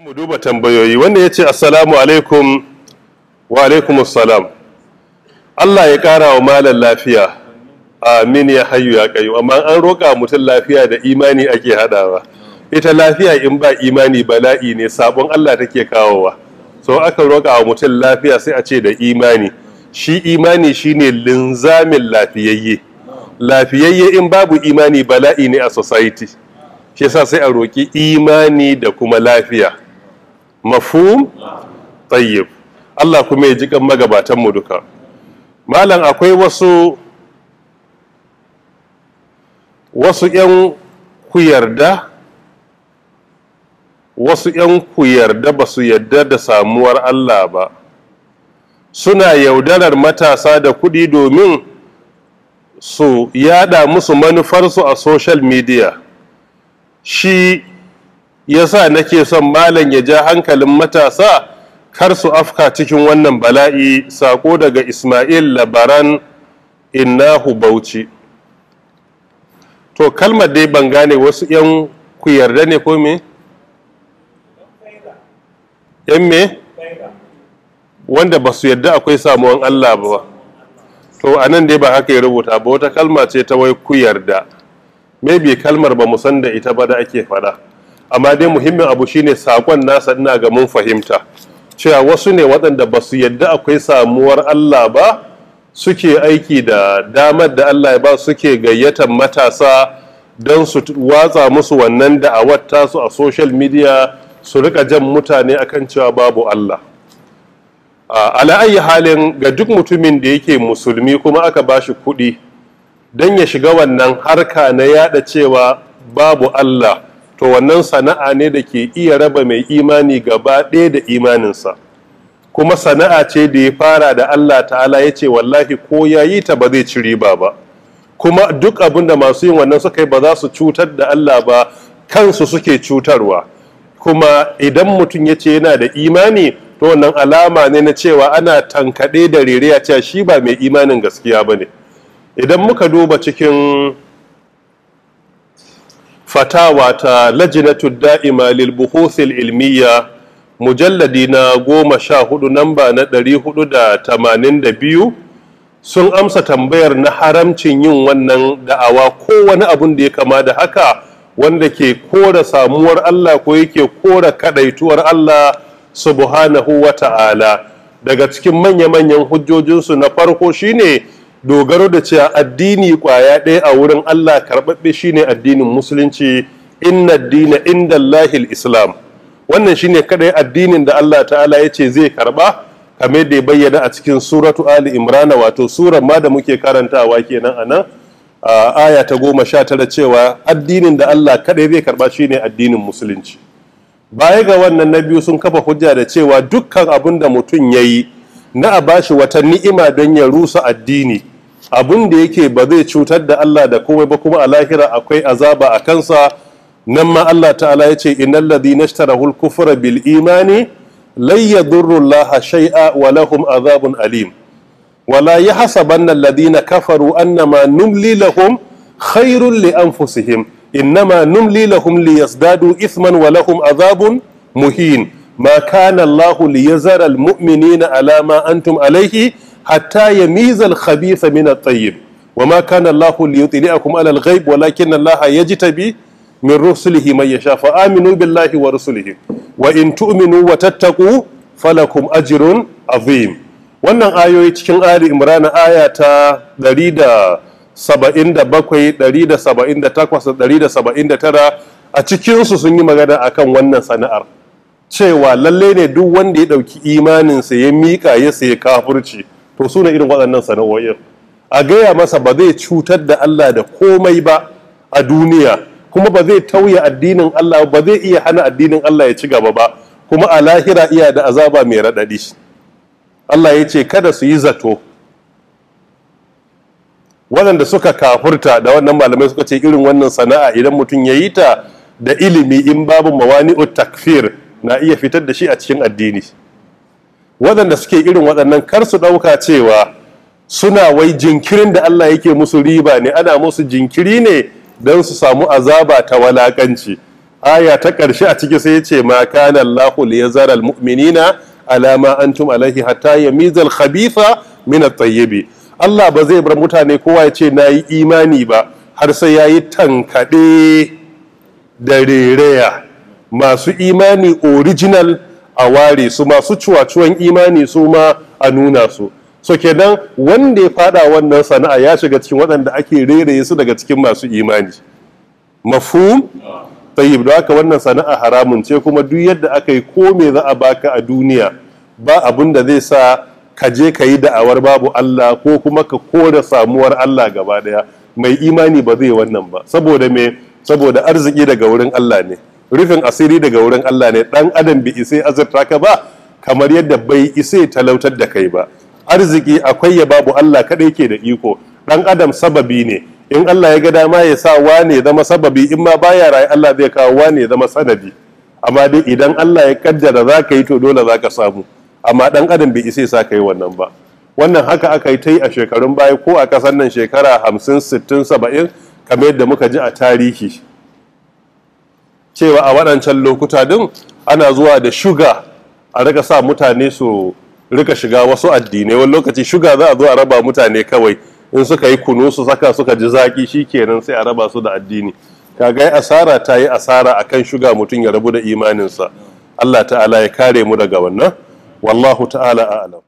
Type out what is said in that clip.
mu duba tambayoyi wanda ya ce assalamu alaikum wa alaikum assalam Allah ya ƙara wa malam lafiya amin ya hayu ya kayu amma an roƙa mutum lafiya da imani ake haɗawa ita lafiya in ba imani bala'i ne sabon Allah take kawowa so aka roƙa wa mutum lafiya sai a ce da imani shi imani shine linzamin lafiyayye lafiyayye in babu imani bala'i ne a society shi sa sai a roƙi imani da kuma lafiya mafum tayyib Allah kuma ya ji kan magabatan mu duka malam akwai wasu wasu yan ku yarda wasu yan ku yarda ba su yarda da samuwar Allah ba suna yaudarar matasa da kuɗi domin su yada musu manufarsu a social media shi yasa nake son malam ya ja hankalin matasa kar su afka cikin wannan bala'i sako daga Ismail labaran innahu bauchi to kalmar dai ban gane wasu yan ku yarda ne ko me yan me wanda ba su yarda akwai samuwan Allah ba to anan dai ba haka ya rubuta ba wata kalma ce ta wai ku yarda maybe kalmar ba mu san da ita ba da ake faɗa. amma dai muhimmin abu shine sakon nasa ina ga mun fahimta cewa wasu ne waɗanda ba su yadda akwai samuwar Allah ba suke aiki da damar da Allah ya ba suke gayyatar matasa don su watsa musu wannan da da'awar tasu a social media su rika jan mutane akan cewa babu Allah ala ayi halin ga duk mutumin da yake musulmi kuma aka bashi kuɗi don ya shiga wannan harka na yada cewa babu Allah to wannan sana'a ne da ke iya raba mai imani gaba ɗaya da imaninsa kuma sana'a ce da ya fara da Allah ta'ala ya ce wallahi ko ya yi ta ba zai ci riba ba kuma duk abin da masu yin wannan suka yi ba za su cutar da Allah ba kansu suke cutarwa kuma idan mutum ya ce yana da imani to wannan alama ne na cewa ana tankaɗe da rere a cewa shi ba mai imanin gaskiya ba ne idan muka duba cikin fatawa ta lajinatu da'ima lil buhuthil ilmiya mujalladi na goma sha hudu namba na ɗari hudu da tamanin da biyu sun amsa tambayar na haramcin yin wannan da'awa ko wani abun da ya kama da haka wanda ke kora samuwar Allah ko yake kora kadaituwar Allah subhanahu wa ta'ala daga cikin manya-manyan hujjojinsu na farko shine dogaro da cewa addini kwaya ɗaya a wurin Allah karɓaɓɓe shine addinin musulunci inna dina inda lahil islam wannan shine kaɗai addinin da Allah ta'ala ya ce zai karɓa kamar da ya bayyana a cikin suratu ali imrana wato surar ma da muke karantawa kenan a nan A aya ta goma sha tara cewa addinin da Allah kaɗai zai karɓa shine addinin musulunci baya ga wannan na biyu sun kafa hujja da cewa dukkan abin da mutum ya yi na a bashi wata ni'ima don ya rusa addini abun da yake ba zai cutar da Allah da komai ba kuma a lahira akwai azaba a kansa nan ma Allah ta'ala ya ce innal ladhina ishtarahul kufra bil imani lan yadurru Allah shay'a wa lahum azabun alim wala yahsabanna alladhina kafaru annama numli lahum khairun li anfusihim إنما نملي لهم ليزدادوا إثما ولهم azabun muhin ما كان الله ليزر المؤمنين على ما antum عليه hatta ya mizal khabitha min at-tayyib ma kana Allahu liyutli'akum 'ala al-ghaib walakin Allah yajtabi min rusulihi man yasha fa aminu billahi wa rusulihi wa in tu'minu wa tattaqu falakum ajrun azim wannan ayoyi cikin ali imran aya ta 177 178 179 a cikin su sun yi magana akan wannan sana'ar cewa lalle ne duk wanda ya dauki imanin sa ya miƙa ya sai kafirci to su ne irin waɗannan sana'o'in a gaya masa ba zai cutar da Allah da komai ba a duniya kuma ba zai tauye addinin Allah ba zai iya hana addinin Allah ya ci gaba ba kuma a lahira iya da azaba mai raɗaɗi Allah ya ce kada su yi zato waɗanda suka kafurta da wannan malamai suka ce irin wannan sana'a idan mutum ya yi ta da ilimi in babu mawani takfir na iya fitar da shi a cikin addini waɗanda suke irin waɗannan kar su ɗauka cewa suna wai jinkirin da Allah yake musu riba ne ana musu jinkiri ne don su samu azaba ta walakanci aya ta ƙarshe a ciki sai ya ce ma kana Allahu li yazara almu'minina ala ma antum alaihi hatta yamiza alkhabitha min at Allah ba zai bar mutane kowa ya ce nayi imani ba har sai yayi tankade da rereya masu imani original a ware su masu cuwa cuwan imani su ma a nuna su so kenan wanda ya fada wannan sana'a ya shiga cikin waɗanda ake reraye su daga cikin masu imani mafhum tayyib da haka wannan sana'a haramun ce kuma duk yadda aka yi ko me za a baka a duniya ba abin da zai sa ka je ka yi da'awar babu Allah ko kuma ka kora samuwar Allah gaba daya mai imani ba zai wannan ba saboda me saboda arziki daga wurin Allah ne rufin asiri daga wurin Allah ne dan adam bi isai azurta ka ba kamar yadda bai isai talautar da kai ba arziki akwai ya babu Allah kadai ke da iko dan adam sababi ne in Allah ya ga dama ya sa wane zama sababi in ma baya rayu Allah zai kawo wane zama sanadi amma dai idan Allah ya kaddara za ka yi to dole za ka samu amma dan adam bai isai sa ka yi wannan ba wannan haka aka yi ta yi a shekarun baya ko a kasan nan shekara hamsin sittin saba'in kamar yadda muka ji a tarihi cewa a waɗancan lokuta din ana zuwa da shuga a rika sa mutane su rika shiga wasu addinai wani lokaci shuga za a zo a raba mutane kawai in suka yi kunu su saka suka ji zaki kenan sai a raba su da addini kaga asara ta yi asara a kan shuga mutum ya rabu da imaninsa Allah ta'ala ya kare mu daga wannan wallahu ta'ala a'lam